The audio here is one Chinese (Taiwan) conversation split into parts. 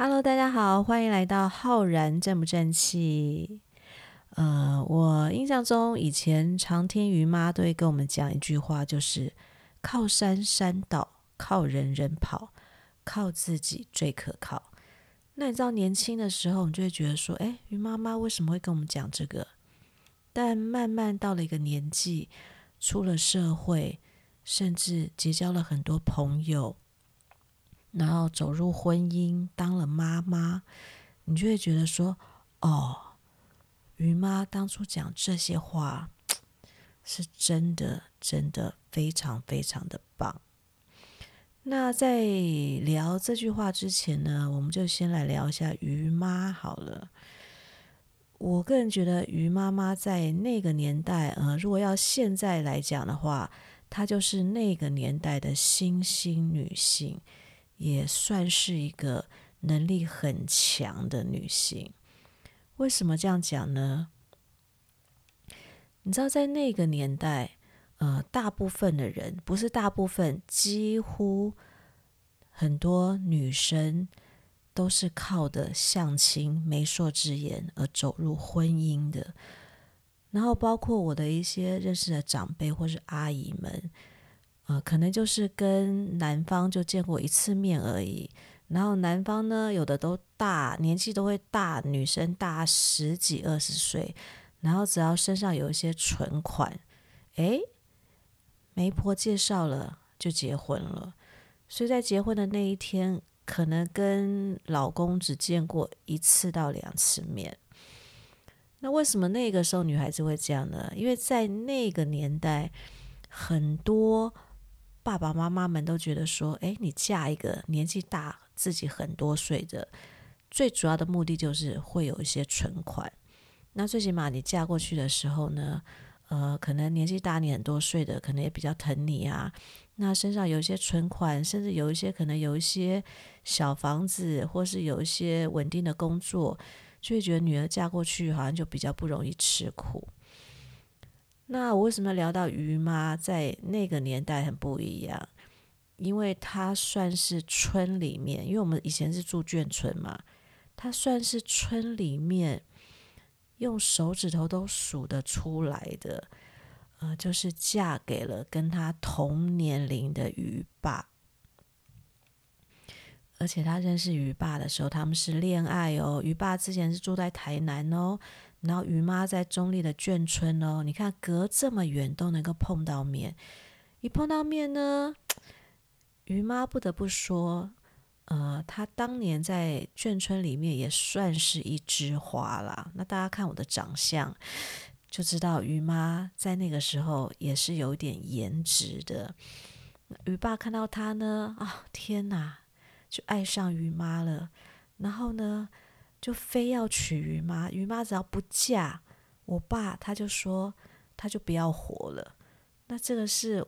Hello，大家好，歡迎來到浩然正不正氣。呃，我印象中以前常聽於媽都會跟我們講一句話，就是靠山山倒，靠人人跑，靠自己最可靠。那你知道年輕的時候，你就會覺得說，誒，於媽媽為什麼會跟我們講這個？但慢慢到了一個年紀，出了社會，甚至結交了很多朋友。然後走入婚姻，當了媽媽，你就會覺得說：“哦，於媽當初講這些話，是真的，真的非常非常的棒。”那在聊這句話之前呢，我們就先來聊一下於媽好了。我個人覺得，於媽媽在那個年代，呃，如果要現在來講的話，她就是那個年代的新興女性。也算是一個能力很強的女性。為什麼這樣講呢？你知道，在那個年代，呃，大部分的人不是大部分，幾乎很多女生都是靠的相親、媒妁之言而走入婚姻的。然後，包括我的一些認識的長輩或是阿姨們。呃，可能就是跟男方就見過一次面而已，然後男方呢，有的都大，年紀都會大，女生大十幾二十歲，然後只要身上有一些存款，哎，媒婆介紹了就結婚了，所以在結婚的那一天，可能跟老公只見過一次到兩次面。那為什麼那個時候女孩子會這樣呢？因為在那個年代，很多。爸爸媽媽們都覺得說，誒，你嫁一個年紀大自己很多歲的，最主要的目的就是會有一些存款。那最起碼你嫁過去的時候呢，呃，可能年紀大你很多歲的，可能也比較疼你啊。那身上有一些存款，甚至有一些可能有一些小房子，或是有一些穩定的工作，就會覺得女兒嫁過去好像就比較不容易吃苦。那我為什麼聊到於媽在那個年代很不一樣？因為她算是村裡面，因為我們以前是住眷村嘛，她算是村裡面用手指頭都數得出來的，呃，就是嫁給了跟她同年齡的於爸，而且她認識於爸的時候，他們是戀愛哦。於爸之前是住在台南哦。然後魚媽在中壢的眷村哦，你看隔這麼遠都能夠碰到面，一碰到面呢，魚媽不得不說，呃，她當年在眷村裡面也算是一枝花啦。那大家看我的長相，就知道魚媽在那個時候也是有點顏值的。魚爸看到她呢，啊、哦、天哪，就愛上魚媽了。然後呢，就非要娶於媽，於媽只要不嫁我爸，她就說她就不要活了。那這個是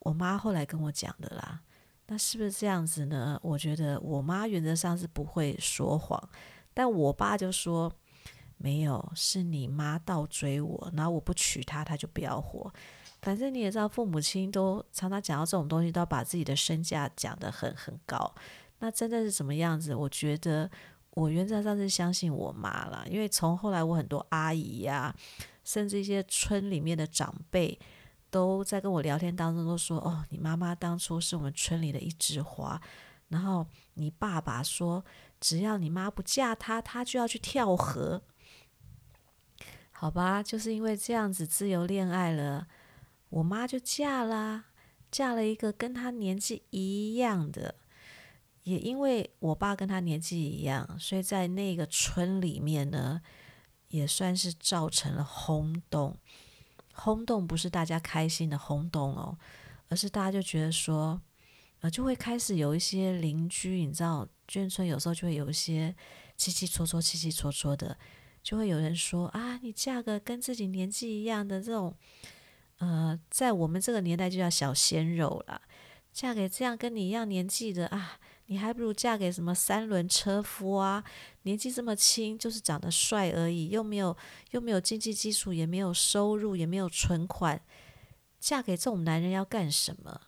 我媽後來跟我講的啦。那是不是這樣子呢？我覺得我媽原則上是不會說謊，但我爸就說沒有，是你媽倒追我，然後我不娶她，她就不要活。反正你也知道，父母親都常常講到這種東西，都要把自己的身價講得很很高。那真的是什麼樣子？我覺得。我原則上是相信我媽啦，因為從後來我很多阿姨呀、啊，甚至一些村裡面的長輩，都在跟我聊天當中都說：“哦，你媽媽當初是我們村裡的一枝花，然後你爸爸說，只要你媽不嫁他，他就要去跳河。”好吧，就是因為這樣子自由戀愛了，我媽就嫁啦，嫁了一個跟她年紀一樣的。也因為我爸跟他年紀一樣，所以在那個村裡面呢，也算是造成了轟動。轟動不是大家開心的轟動哦，而是大家就覺得說，呃，就會開始有一些鄰居，你知道，眷村有時候就會有一些嘁嘁戳戳、嘁嘁戳戳的，就會有人說啊，你嫁個跟自己年紀一樣的這種，呃，在我們這個年代就叫小鮮肉了，嫁給這樣跟你一樣年紀的啊。你還不如嫁給什麼三輪車夫啊！年紀這麼輕，就是長得帥而已，又沒有又沒有經濟基礎，也沒有收入，也沒有存款，嫁給這種男人要幹什麼？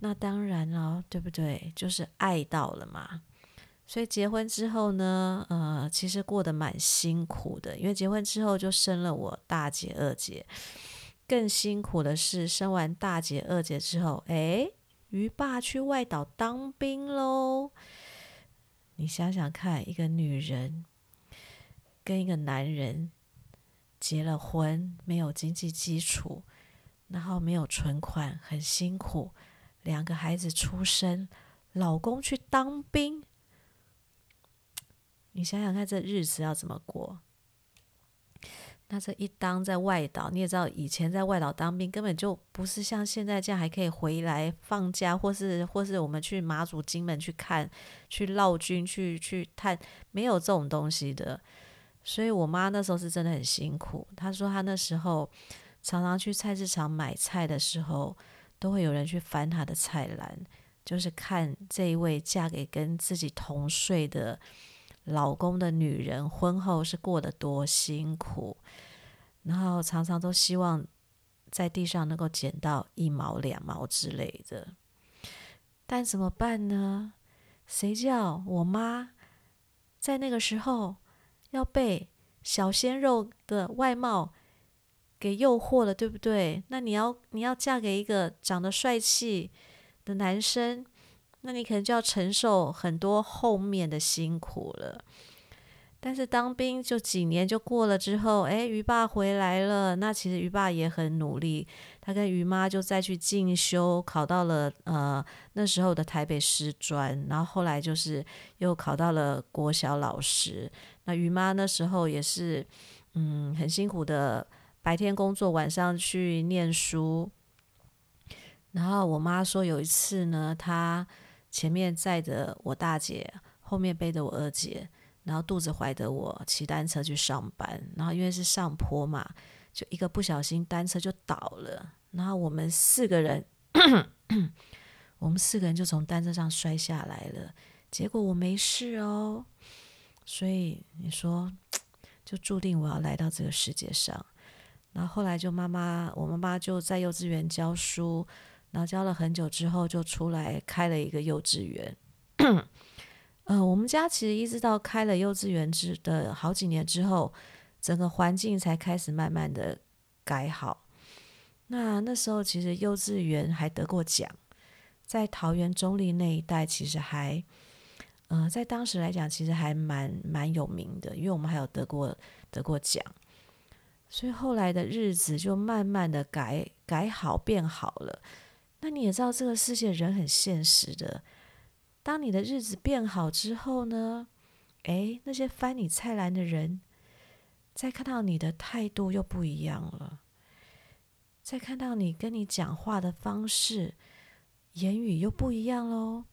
那當然了哦，對不對？就是愛到了嘛。所以結婚之後呢，呃，其實過得蠻辛苦的，因為結婚之後就生了我大姐、二姐。更辛苦的是，生完大姐、二姐之後，哎。魚爸去外島當兵嘍！你想想看，一個女人跟一個男人結了婚，沒有經濟基礎，然後沒有存款，很辛苦。兩個孩子出生，老公去當兵，你想想看，這日子要怎麼過？他這一當在外島，你也知道，以前在外島當兵根本就不是像現在這樣還可以回來放假，或是或是我們去馬祖金門去看、去勞軍、去去探，沒有這種東西的。所以我媽那時候是真的很辛苦。她說她那時候常常去菜市場買菜的時候，都會有人去翻她的菜籃，就是看這一位嫁給跟自己同歲的，老公的女人婚後是過得多辛苦，然後常常都希望在地上能夠撿到一毛兩毛之類的，但怎麼辦呢？誰叫我媽在那個時候要被小鮮肉的外貌給誘惑了，對不對？那你要你要嫁給一個長得帥氣的男生。那你可能就要承受很多後面的辛苦了。但是當兵就幾年就過了之後，誒，於爸回來了。那其實於爸也很努力，他跟於媽就再去進修，考到了呃，那時候的台北師專，然後後來就是又考到了國小老師。那於媽那時候也是嗯，很辛苦的，白天工作，晚上去唸書。然後我媽說有一次呢，她。前面載着我大姐，後面背着我二姐，然後肚子懷的我，騎單車去上班。然後因為是上坡嘛，就一個不小心，單車就倒了。然後我們四個人， 我們四個人就從單車上摔下來了。結果我沒事哦，所以你說，就注定我要來到這個世界上。然後後來就媽媽，我媽媽就在幼稚園教書。然後教了很久之後，就出來開了一個幼稚園。 呃，我們家其實一直到開了幼稚園之的好幾年之後，整個環境才開始慢慢的改好。那那時候其實幼稚園還得過獎，在桃園中壢那一帶，其實還，呃，在當時來講，其實還蠻蠻有名的，因為我們還有得過得過獎。所以後來的日子就慢慢的改改好變好了。那你也知道，這個世界人很現實的。當你的日子變好之後呢，誒，那些翻你菜籃的人，再看到你的態度又不一樣了，再看到你跟你講話的方式、言語又不一樣嘍。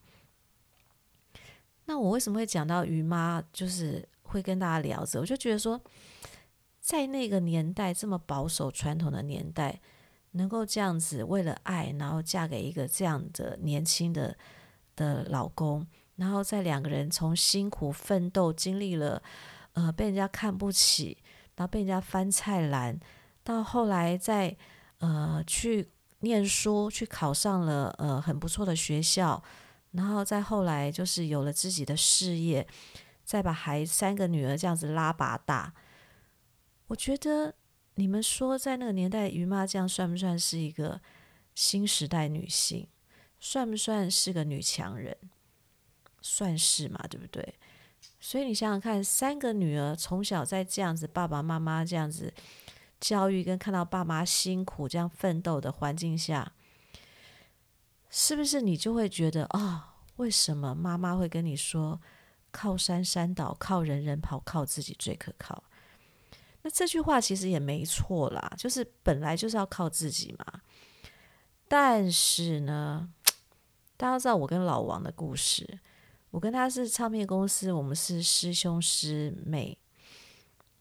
那我為什麼會講到於媽，就是會跟大家聊着。我就覺得說，在那個年代這麼保守傳統的年代。能夠這樣子為了愛，然後嫁給一個這樣的年輕的的老公，然後在兩個人從辛苦奮鬥，經歷了呃被人家看不起，然後被人家翻菜籃，到後來再呃去念書，去考上了呃很不錯的學校，然後再後來就是有了自己的事業，再把孩三個女兒這樣子拉拔大，我覺得。你們說，在那個年代，於媽這樣算不算是一個新時代女性？算不算是個女強人？算是嘛，對不對？所以你想想看，三個女兒從小在這樣子爸爸媽媽這樣子教育，跟看到爸媽辛苦這樣奮鬥的環境下，是不是你就會覺得啊、哦，為什麼媽媽會跟你說“靠山山倒，靠人人跑，靠自己最可靠”？那這句話其實也沒錯啦，就是本來就是要靠自己嘛。但是呢，大家知道我跟老王的故事，我跟他是唱片公司，我們是師兄師妹。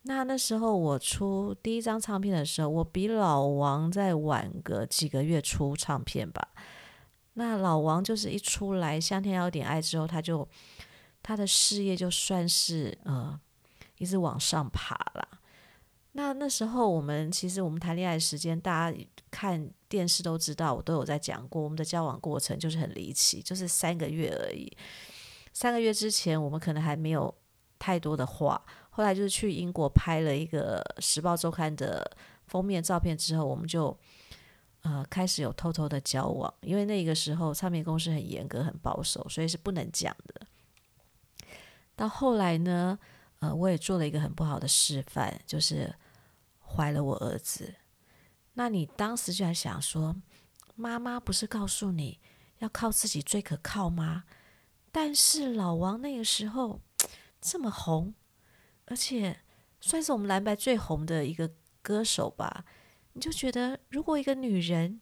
那那時候我出第一張唱片的時候，我比老王再晚個幾個月出唱片吧。那老王就是一出來《向天要點愛》之後，他就他的事業就算是呃一直往上爬啦。那那時候，我們其實我們談戀愛的時間，大家看電視都知道，我都有在講過。我們的交往過程就是很離奇，就是三個月而已。三個月之前，我們可能還沒有太多的話。後來就是去英國拍了一個《時報週刊》的封面照片之後，我們就呃開始有偷偷的交往。因為那個時候唱片公司很嚴格、很保守，所以是不能講的。到後來呢，呃，我也做了一個很不好的示範，就是。懷了我兒子，那你當時就在想說，媽媽不是告訴你要靠自己最可靠嗎？但是老王那個時候這麼紅，而且算是我們藍白最紅的一個歌手吧，你就覺得如果一個女人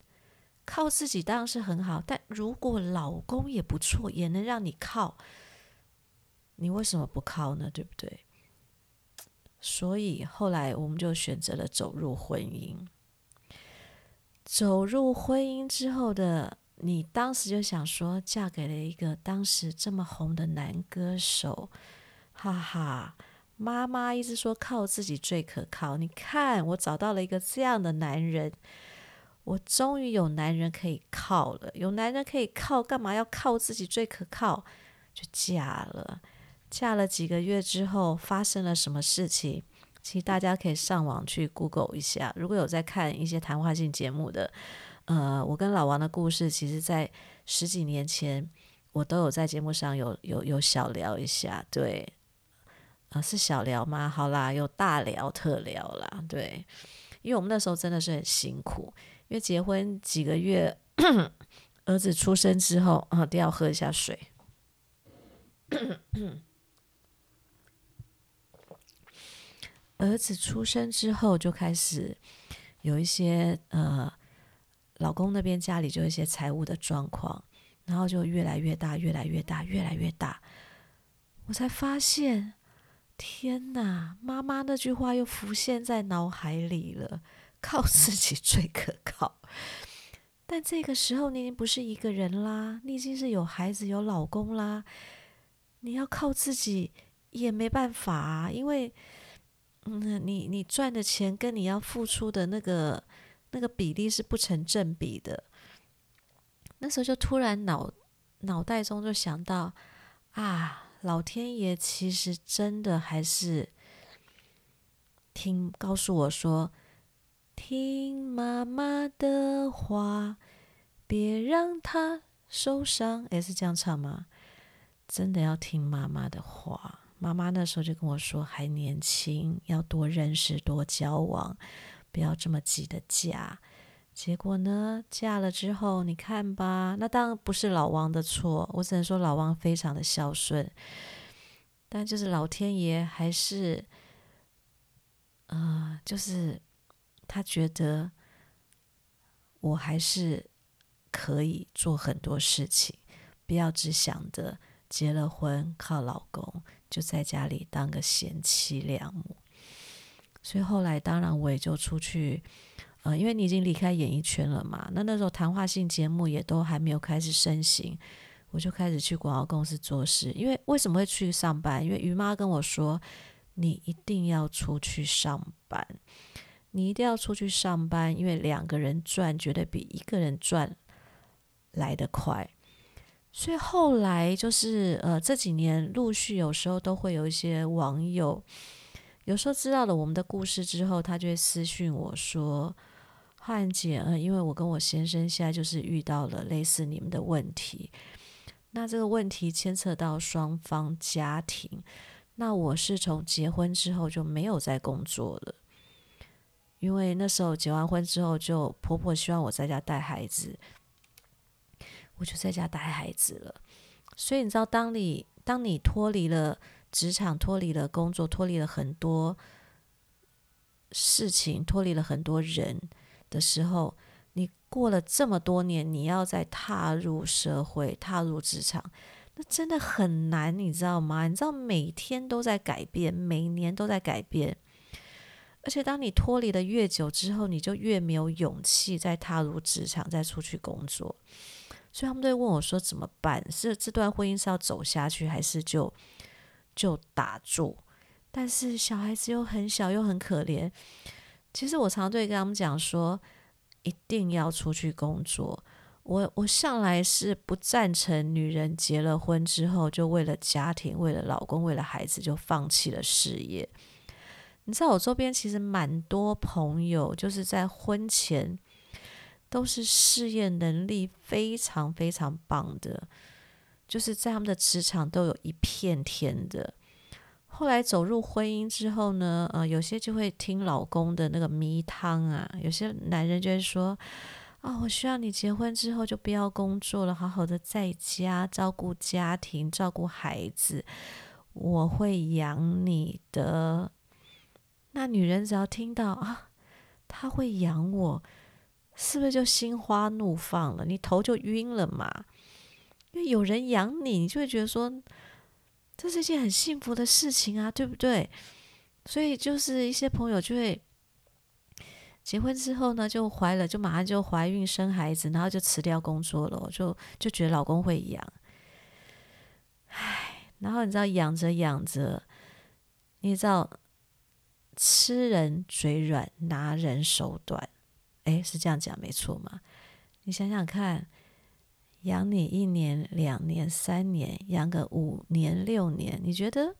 靠自己當然是很好，但如果老公也不錯，也能讓你靠，你為什麼不靠呢？對不對？所以後來我們就選擇了走入婚姻。走入婚姻之後的你，當時就想說，嫁給了一個當時這麼紅的男歌手，哈哈！媽媽一直說靠自己最可靠，你看我找到了一個這樣的男人，我終於有男人可以靠了，有男人可以靠，幹嘛要靠自己最可靠？就嫁了。嫁了幾個月之後，發生了什麼事情？其實大家可以上網去 Google 一下。如果有在看一些談話性節目的，呃，我跟老王的故事，其實在十幾年前我都有在節目上有有有小聊一下。對，啊、呃、是小聊嗎？好啦，有大聊特聊啦。對，因為我們那時候真的是很辛苦，因為結婚幾個月， 兒子出生之後啊，都、呃、要喝一下水。 兒子出生之後，就開始有一些呃，老公那邊家裡就一些財務的狀況，然後就越來越大，越來越大，越來越大。我才發現，天哪！媽媽那句話又浮現在腦海裡了：靠自己最可靠。但這個時候，你已經不是一個人啦，你已經是有孩子、有老公啦。你要靠自己也沒辦法啊，因為。嗯，你你賺的錢跟你要付出的那個那個比例是不成正比的。那時候就突然腦腦袋中就想到啊，老天爺其實真的還是聽告訴我說，聽媽媽的話，別讓她受傷。也是這樣唱嗎？真的要聽媽媽的話。媽媽那時候就跟我說：“還年輕，要多認識，多交往，不要這麼急的嫁。”結果呢，嫁了之後，你看吧，那當然不是老王的錯，我只能說老王非常的孝順，但就是老天爺還是，呃，就是他覺得我還是可以做很多事情，不要只想着結了婚，靠老公。就在家裡當個賢妻良母，所以後來當然我也就出去，呃，因為你已經離開演藝圈了嘛。那那時候談話性節目也都還沒有開始盛行，我就開始去廣告公司做事。因為為什麼會去上班？因為於媽跟我說，你一定要出去上班，你一定要出去上班，因為兩個人賺絕對比一個人賺來得快。所以後來就是呃，這幾年陸續有時候都會有一些網友，有時候知道了我們的故事之後，他就會私訊我說：“漢姐，呃，因為我跟我先生現在就是遇到了類似你們的問題，那這個問題牽扯到雙方家庭。那我是從結婚之後就沒有再工作了，因為那時候結完婚之後，就婆婆希望我在家帶孩子。”我就在家帶孩子了，所以你知道，當你當你脫離了職場、脫離了工作、脫離了很多事情、脫離了很多人的時候，你過了這麼多年，你要再踏入社會、踏入職場，那真的很難，你知道嗎？你知道每天都在改變，每年都在改變，而且當你脫離的越久之後，你就越沒有勇氣再踏入職場、再出去工作。所以他們都會問我說：“怎麼辦？是這段婚姻是要走下去，還是就就打住？”但是小孩子又很小，又很可憐。其實我常對跟他們講說：“一定要出去工作。我”我我向來是不贊成女人結了婚之後就為了家庭、為了老公、為了孩子就放棄了事業。你知道，我周邊其實蠻多朋友就是在婚前。都是事業能力非常非常棒的，就是在他們的職場都有一片天的。後來走入婚姻之後呢，呃，有些就會聽老公的那個迷湯啊，有些男人就會說：“啊、哦，我需要你結婚之後就不要工作了，好好的在家照顧家庭、照顧孩子，我會養你的。”那女人只要聽到啊，他會養我，是不是就心花怒放了？你頭就暈了嘛？因為有人養你，你就會覺得說，這是一件很幸福的事情啊，對不對？所以就是一些朋友就會結婚之後呢，就懷了，就馬上就懷孕生孩子，然後就辭掉工作了哦，就就覺得老公會養。唉，然後你知道養着養着，你知道吃人嘴軟，拿人手短。誒，是這樣講沒錯嘛？你想想看，養你一年、兩年、三年，養個五年、六年，你覺得，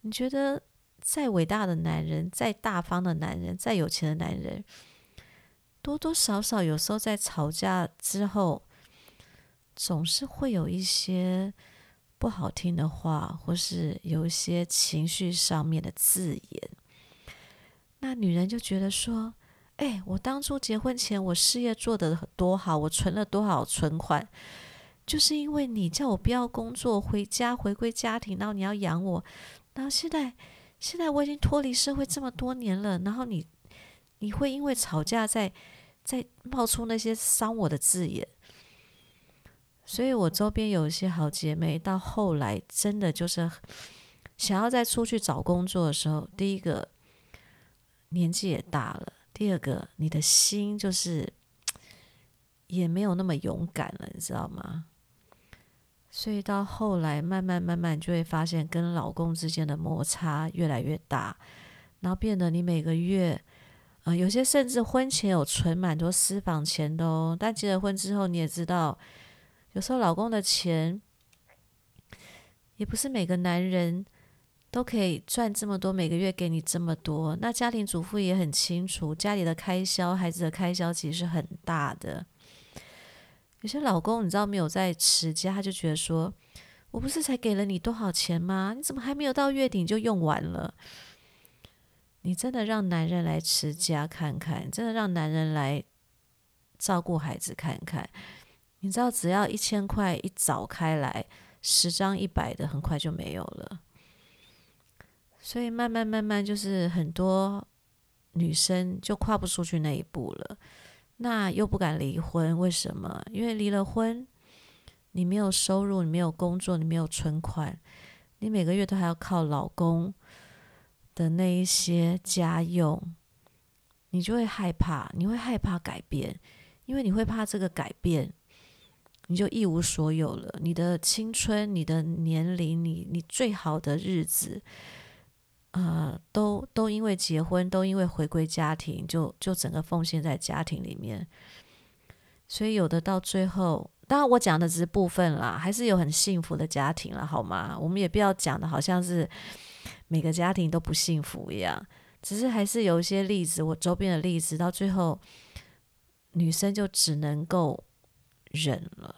你覺得再偉大的男人、再大方的男人、再有錢的男人，多多少少有時候在吵架之後，總是會有一些不好聽的話，或是有一些情緒上面的字眼。那女人就覺得說。哎，我當初結婚前，我事業做得多好，我存了多少存款，就是因為你叫我不要工作，回家回歸家庭，然後你要養我，然後現在現在我已經脫離社會這麼多年了，然後你你會因為吵架在在冒出那些傷我的字眼，所以我周邊有一些好姐妹，到後來真的就是想要再出去找工作的時候，第一個年紀也大了。第二個，你的心就是也沒有那麼勇敢了，你知道嗎？所以到後來，慢慢慢慢就會發現，跟老公之間的摩擦越來越大，然後變得你每個月，呃，有些甚至婚前有存蠻多私房錢的哦，但結了婚之後，你也知道，有時候老公的錢也不是每個男人。都可以賺這麼多，每個月給你這麼多，那家庭主婦也很清楚，家裡的開銷、孩子的開銷其實是很大的。有些老公你知道沒有在持家，他就覺得說：“我不是才給了你多少錢嗎？你怎麼還沒有到月底就用完了？”你真的讓男人來持家看看，真的讓男人來照顧孩子看看。你知道，只要一千塊一早開來，十張一百的很快就沒有了。所以慢慢慢慢，就是很多女生就跨不出去那一步了。那又不敢離婚，為什麼？因為離了婚，你沒有收入，你沒有工作，你沒有存款，你每個月都還要靠老公的那一些家用，你就會害怕，你會害怕改變，因為你會怕這個改變，你就一無所有了。你的青春，你的年齡，你你最好的日子。呃，都都因為結婚，都因為回歸家庭，就就整個奉獻在家庭裡面。所以有的到最後，當然我講的只是部分啦，還是有很幸福的家庭了，好嗎？我們也不要講的好像是每個家庭都不幸福一樣，只是還是有一些例子，我周邊的例子到最後，女生就只能夠忍了，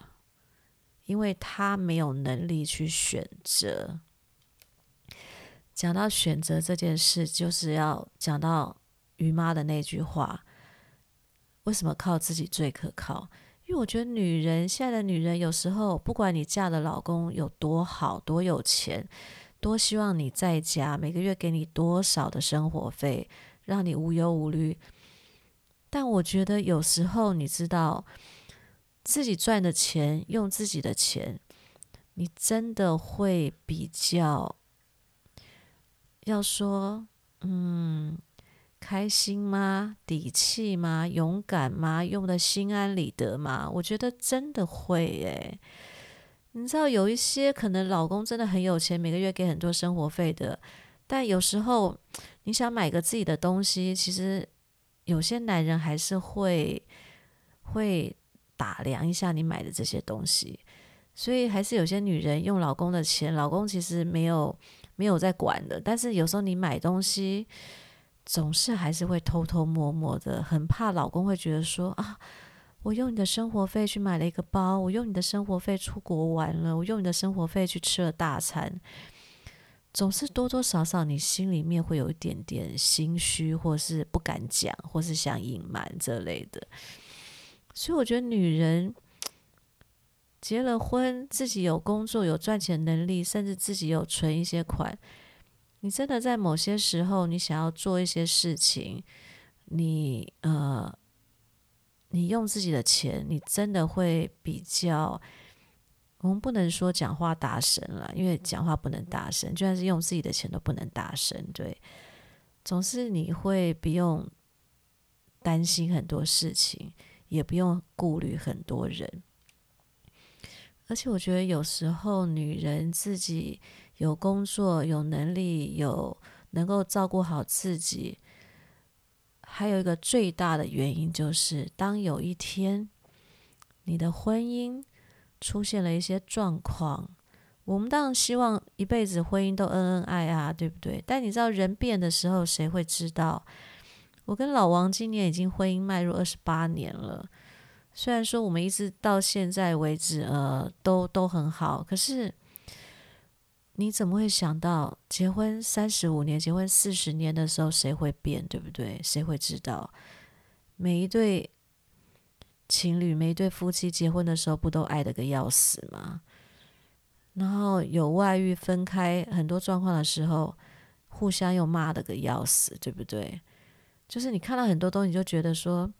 因為她沒有能力去選擇。講到選擇這件事，就是要講到於媽的那句話：為什麼靠自己最可靠？因為我覺得女人，現在的女人有時候，不管你嫁的老公有多好、多有錢、多希望你在家，每個月給你多少的生活費，讓你無憂無慮。但我覺得有時候，你知道，自己賺的錢，用自己的錢，你真的會比較。要說，嗯，開心嗎？底氣嗎？勇敢嗎？用得心安理得嗎？我覺得真的會誒、欸。你知道，有一些可能老公真的很有錢，每個月給很多生活費的，但有時候你想買個自己的東西，其實有些男人還是會會打量一下你買的這些東西，所以還是有些女人用老公的錢，老公其實沒有。沒有在管的，但是有時候你買東西，總是還是會偷偷摸摸的，很怕老公會覺得說，啊，我用你的生活費去買了一個包，我用你的生活費出國玩了，我用你的生活費去吃了大餐，總是多多少少你心裡面會有一點點心虛，或是不敢講，或是想隱瞞這類的，所以我覺得女人，結了婚，自己有工作，有賺錢能力，甚至自己有存一些款。你真的在某些時候，你想要做一些事情，你呃，你用自己的錢，你真的會比較。我們不能說講話大聲啦，因為講話不能大聲，就算是用自己的錢都不能大聲。對，總是你會不用擔心很多事情，也不用顧慮很多人。而且我覺得有時候女人自己有工作、有能力、有能夠照顧好自己，還有一個最大的原因就是，當有一天你的婚姻出現了一些狀況，我們當然希望一輩子婚姻都恩恩愛愛，對不對？但你知道人變的時候，誰會知道？我跟老王今年已經婚姻邁入二十八年了。雖然說我們一直到現在為止，呃，都都很好，可是你怎麼會想到結婚三十五年，結婚四十年的時候，誰會變，對不對？誰會知道？每一對情侶、每一對夫妻結婚的時候，不都愛得個要死嗎？然後有外遇、分開很多狀況的時候，互相又罵得個要死，對不對？就是你看到很多東西，你就覺得說。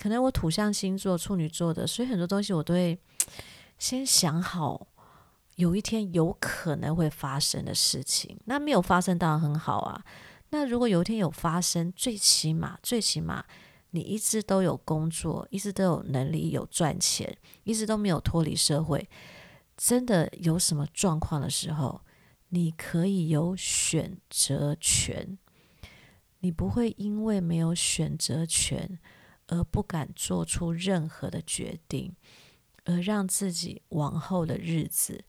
可能我土象星座處女座的，所以很多東西我都會先想好，有一天有可能會發生的事情。那沒有發生當然很好啊。那如果有一天有發生，最起碼最起碼你一直都有工作，一直都有能力有賺錢，一直都沒有脫離社會。真的有什麼狀況的時候，你可以有選擇權，你不會因為沒有選擇權。而不敢做出任何的決定，而讓自己往後的日子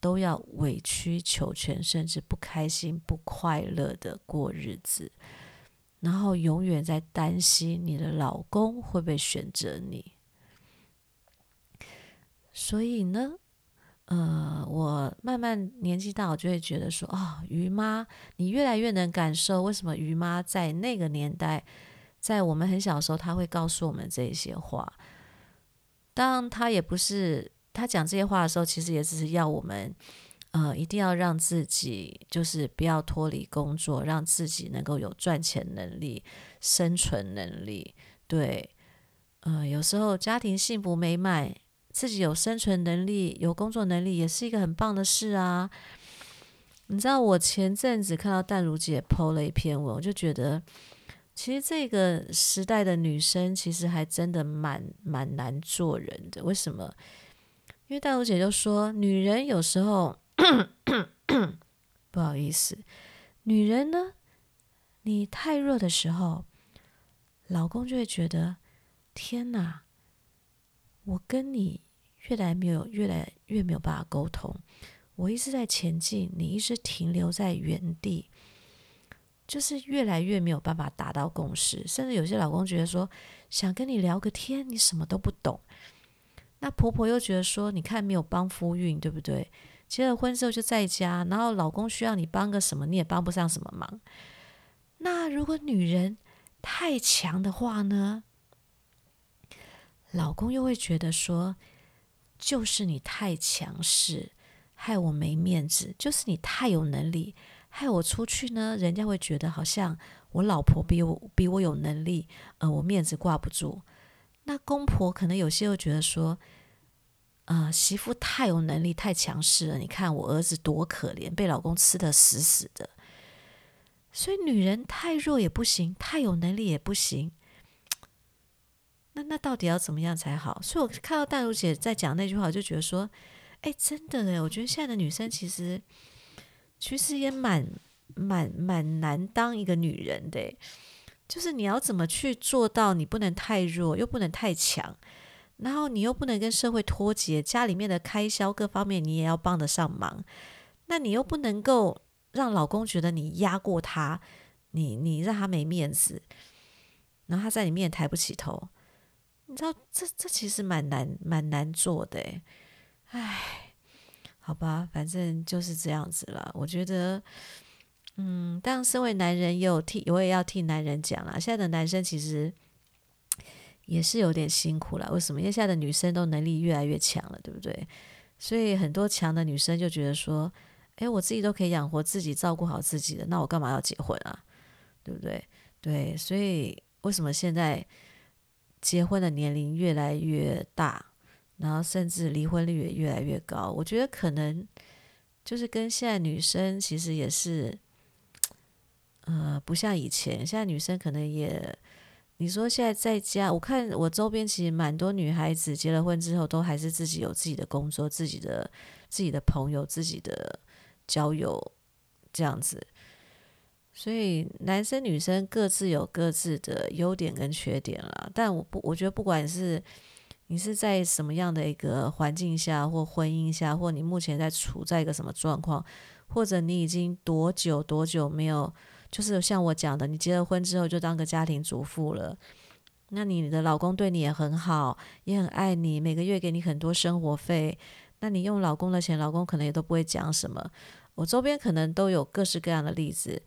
都要委曲求全，甚至不開心、不快樂的過日子，然後永遠在擔心你的老公會不會選擇你。所以呢，呃，我慢慢年紀大，我就會覺得說，啊、哦，於媽，你越來越能感受為什麼於媽在那個年代。在我們很小的時候，他會告訴我們這些話。當然，他也不是他講這些話的時候，其實也只是要我們，呃，一定要讓自己就是不要脫離工作，讓自己能夠有賺錢能力、生存能力。對，呃，有時候家庭幸福美滿，自己有生存能力、有工作能力，也是一個很棒的事啊。你知道，我前陣子看到淡如姐 PO 了一篇文，我就覺得。其實這個時代的女生，其實還真的蠻蠻難做人的。為什麼？因為大茹姐就說，女人有時候， 不好意思，女人呢，你太弱的時候，老公就會覺得，天哪，我跟你越來沒有，越來越沒有辦法溝通。我一直在前進，你一直停留在原地。就是越來越沒有辦法達到共識，甚至有些老公覺得說，想跟你聊個天，你什麼都不懂；那婆婆又覺得說，你看沒有幫夫運，對不對？結了婚之後就在家，然後老公需要你幫個什麼，你也幫不上什麼忙。那如果女人太強的話呢？老公又會覺得說，就是你太強勢，害我沒面子；就是你太有能力。害我出去呢？人家會覺得好像我老婆比我比我有能力，呃，我面子掛不住。那公婆可能有些又覺得說，呃，媳婦太有能力，太強勢了。你看我兒子多可憐，被老公吃得死死的。所以女人太弱也不行，太有能力也不行。那那到底要怎麼樣才好？所以我看到淡如姐在講那句話，我就覺得說，哎，真的哎，我覺得現在的女生其實其實也蠻蠻蠻難當一個女人的，就是你要怎麼去做到，你不能太弱，又不能太強，然後你又不能跟社會脫節，家裡面的開銷各方面你也要幫得上忙，那你又不能夠讓老公覺得你壓過他，你你讓他沒面子，然後他在裡面抬不起頭，你知道，這這其實蠻難蠻難做的，哎。好吧，反正就是這樣子了。我覺得，嗯，但身為男人，又替我也要替男人講了。現在的男生其實也是有點辛苦了。為什麼？因為現在的女生都能力越來越強了，對不對？所以很多強的女生就覺得說：“欸，我自己都可以養活自己，照顧好自己的，那我幹嘛要結婚啊？”對不對？對，所以為什麼現在結婚的年齡越來越大？然後甚至離婚率也越來越高，我覺得可能就是跟現在女生其實也是，呃，不像以前，現在女生可能也，你說現在在家，我看我周邊其實蠻多女孩子結了婚之後都還是自己有自己的工作、自己的、自己的朋友、自己的交友這樣子，所以男生女生各自有各自的優點跟缺點啦，但我不，我覺得不管是。你是在什麼樣的一個環境下，或婚姻下，或你目前在處在一個什麼狀況，或者你已經多久多久沒有，就是像我講的，你結了婚之後就當個家庭主婦了，那你，你的老公對你也很好，也很愛你，每個月給你很多生活費，那你用老公的錢，老公可能也都不會講什麼。我周邊可能都有各式各樣的例子，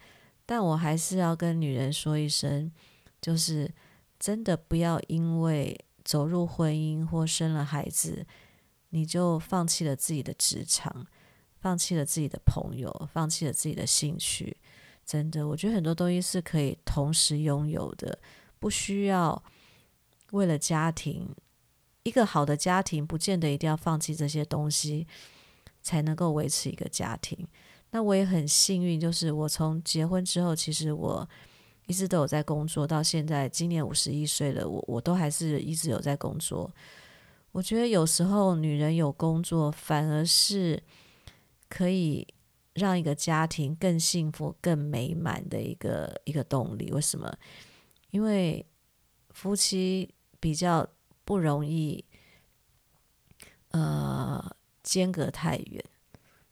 但我還是要跟女人說一聲，就是真的不要因為。走入婚姻或生了孩子，你就放棄了自己的職場，放棄了自己的朋友，放棄了自己的興趣。真的，我覺得很多東西是可以同時擁有的，不需要為了家庭，一個好的家庭不見得一定要放棄這些東西才能夠維持一個家庭。那我也很幸運，就是我從結婚之後，其實我……一直都有在工作，到現在今年五十一歲了，我我都還是一直有在工作。我覺得有時候女人有工作，反而是可以讓一個家庭更幸福、更美滿的一個一個動力。為什麼？因為夫妻比較不容易，呃，間隔太遠。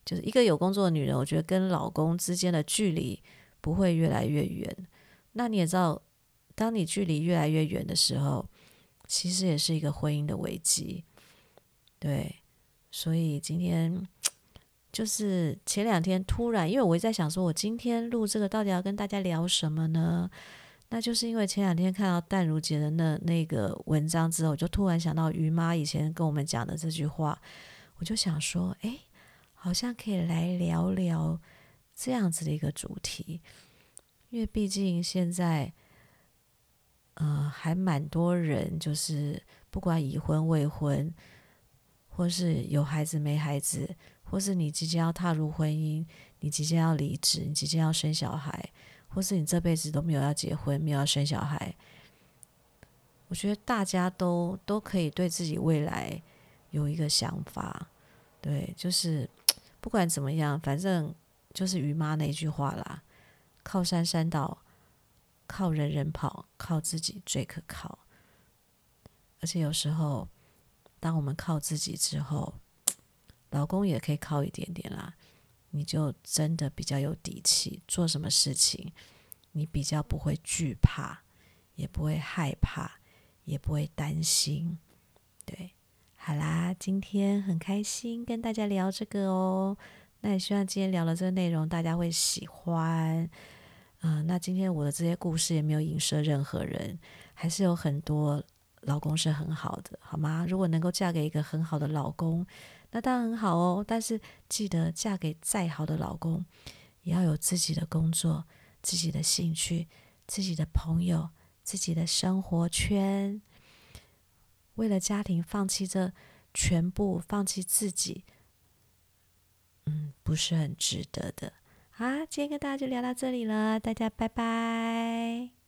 就是一個有工作的女人，我覺得跟老公之間的距離不會越來越遠。那你也知道，當你距離越來越遠的時候，其實也是一個婚姻的危機，對。所以今天就是前兩天突然，因為我一直在想，說我今天錄這個到底要跟大家聊什麼呢？那就是因為前兩天看到淡如姐的那，那個文章之後，我就突然想到於媽以前跟我們講的這句話，我就想說，誒，好像可以來聊聊這樣子的一個主題。因為畢竟現在，呃，還蠻多人，就是不管已婚未婚，或是有孩子沒孩子，或是你即將要踏入婚姻，你即將要離職，你即將要生小孩，或是你這輩子都沒有要結婚，沒有要生小孩，我覺得大家都都可以對自己未來有一個想法，對，就是不管怎麼樣，反正就是於媽那句話啦。靠山山倒，靠人人跑，靠自己最可靠。而且有時候，當我們靠自己之後，老公也可以靠一點點啦。你就真的比較有底氣，做什麼事情，你比較不會懼怕，也不會害怕，也不會擔心。對，好啦，今天很開心跟大家聊這個哦。那也希望今天聊的這個內容大家會喜歡，嗯、呃，那今天我的這些故事也沒有影射任何人，還是有很多老公是很好的，好嗎？如果能夠嫁給一個很好的老公，那當然很好哦。但是記得嫁給再好的老公，也要有自己的工作、自己的興趣、自己的朋友、自己的生活圈。為了家庭放棄這全部，放棄自己。嗯，不是很值得的。好啦，今天跟大家就聊到這裡了，大家拜拜。